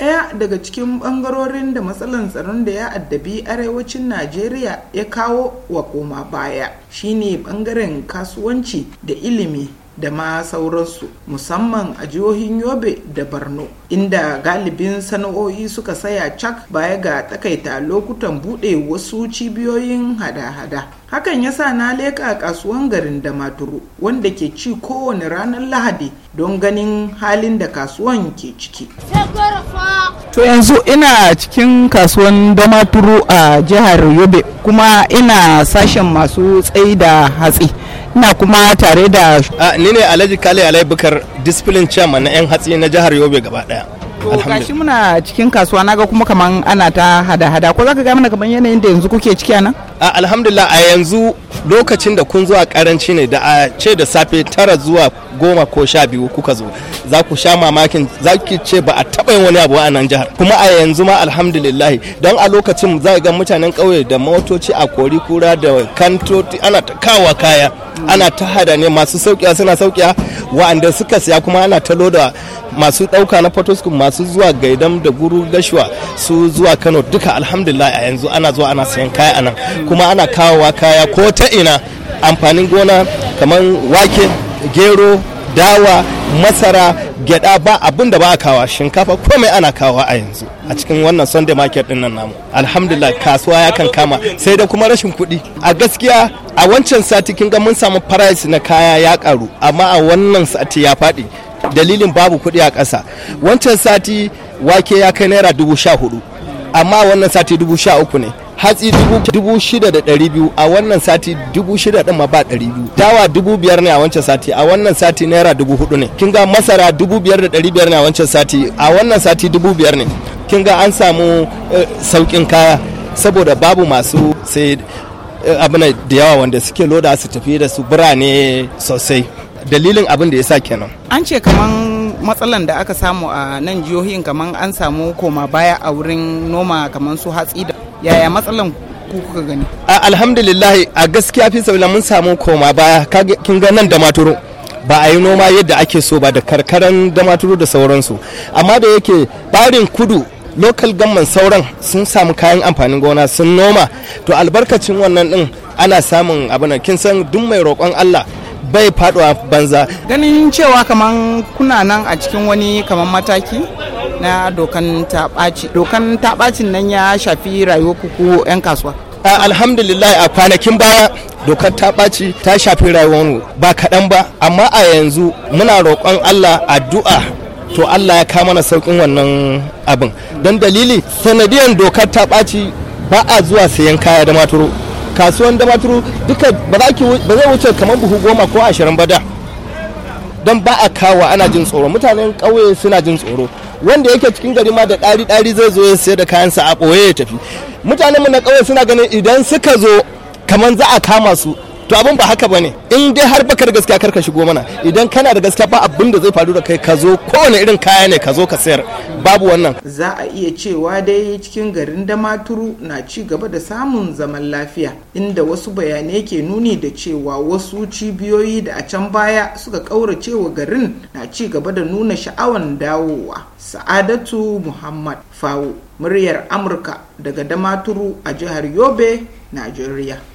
ɗaya daga cikin ɓangarorin da matsalan tsaron da ya addabi arewacin najeriya ya kawo wa koma baya shine ɓangaren kasuwanci da ilimi da ma sauransu musamman a jihohin yobe da barno inda galibin sana'o'i suka saya cak baya ga takaita lokutan bude wasu cibiyoyin hada-hada hakan ya sa na leƙa kasuwan garin da maturu wanda ke ci kowane ranar lahadi don ganin halin da kasuwan ke ciki to yanzu ina cikin kasuwan damaturu a jihar yobe kuma ina sashen masu da hatsi ina kuma tare da ni ne alhaji kale alai bukar discipline chairman na yan hatsi na jihar yobe gaba daya gashi muna cikin kasuwa naga kuma kaman ana ta hada-hada ko zaka ga mana kaman yanayin da yanzu kuke ciki nan alhamdulillah a yanzu lokacin da kun zuwa karanci ne da a ce da safe tara zuwa goma ko sha biyu kuka zo za ku sha mamakin za ki ce ba a taɓa yin wani abu a nan jihar kuma a yanzu ma alhamdulillah don a lokacin za ga mutanen ƙauye da motoci a kori kura da kantoti ana ta kawa kaya ana ta hada ne masu sauƙiya suna sauƙiya wa'anda suka siya kuma ana talo da masu ɗauka na photoscope masu zuwa gaidam da guru gashuwa su zuwa kano duka alhamdulillah a yanzu ana zuwa ana sayan kaya anan kuma ana kawowa kaya ko ta ina amfanin gona kamar wake gero dawa masara gyada ba abin da ba a kawa shinkafa komai ana kawa a yanzu a cikin wannan sunday market din nan namu alhamdulillah kasuwa ya kan kama sai da kuma rashin kuɗi a gaskiya a wancan sati kin ga mun samu price na kaya ya karu amma a wannan sati ya faɗi dalilin babu kuɗi a ƙasa wancan sati wake ya kai naira dubu sha hudu amma wannan sati dubu sha uku ne hatsi dubu shida da ɗari biyu a wannan sati dubu shida ɗin ma ba ɗari biyu dawa dubu biyar ne a wancan sati a wannan sati naira dubu hudu ne kin ga masara dubu biyar da ɗari biyar ne a wancan sati a wannan sati dubu biyar ne kin ga an samu eh, sauƙin kaya saboda babu masu sai eh, abin da yawa wanda suke loda su tafi da su birane sosai dalilin abin da ya sa kenan an ce kaman matsalan da aka samu a nan jihohin kaman an samu koma baya a wurin noma kaman su hatsi da yaya matsalan ku kuka gani alhamdulillah a gaskiya fi sabila mun samu koma baya kin ga nan da maturo ba a yi noma yadda ake so ba da karkaran damaturu da sauransu amma da yake barin kudu lokal gamman sauran sun samu kayan amfanin gona sun noma to albarkacin wannan din ana samun abin kin san duk mai roƙon Allah bai faduwa banza ganin cewa kaman kuna nan a cikin wani kaman mataki na dokan taɓaci dokan taɓacin nan ya shafi rayuwar kuku 'yan kasuwa alhamdulillah a kwanakin baya dokar ta ta shafi rayuwarmu ba kaɗan ba amma a yanzu muna roƙon allah addu'a to allah ya kawo mana sauƙin wannan abin don dalili sanadiyar dokar ta ɓaci ba a zuwa sayan kaya da maturo kasuwan damaturu duka ba zai wuce kamar buhu goma ko ashirin ba da don ba a kawo ana jin tsoro mutanen ƙauye suna jin tsoro wanda yake cikin gari ma da ɗari ɗari zai zo ya sayar da kayansa a ɓoye ya tafi mutanenmu na ƙauye suna ganin idan suka zo kamar za a kama su to abin ba haka bane in dai har baka da gaskiya kar ka shigo mana idan kana da gaskiya ba abin da zai faru da kai ka zo kowane irin kaya ne ka zo ka sayar babu wannan za a iya cewa dai cikin garin damaturu na ci gaba da samun zaman lafiya inda wasu bayanai ke nuni da cewa wasu cibiyoyi da a can baya suka kaurace wa garin na ci gaba da nuna sha'awan dawowa sa'adatu muhammad fawo muryar amurka daga damaturu a jihar yobe najeriya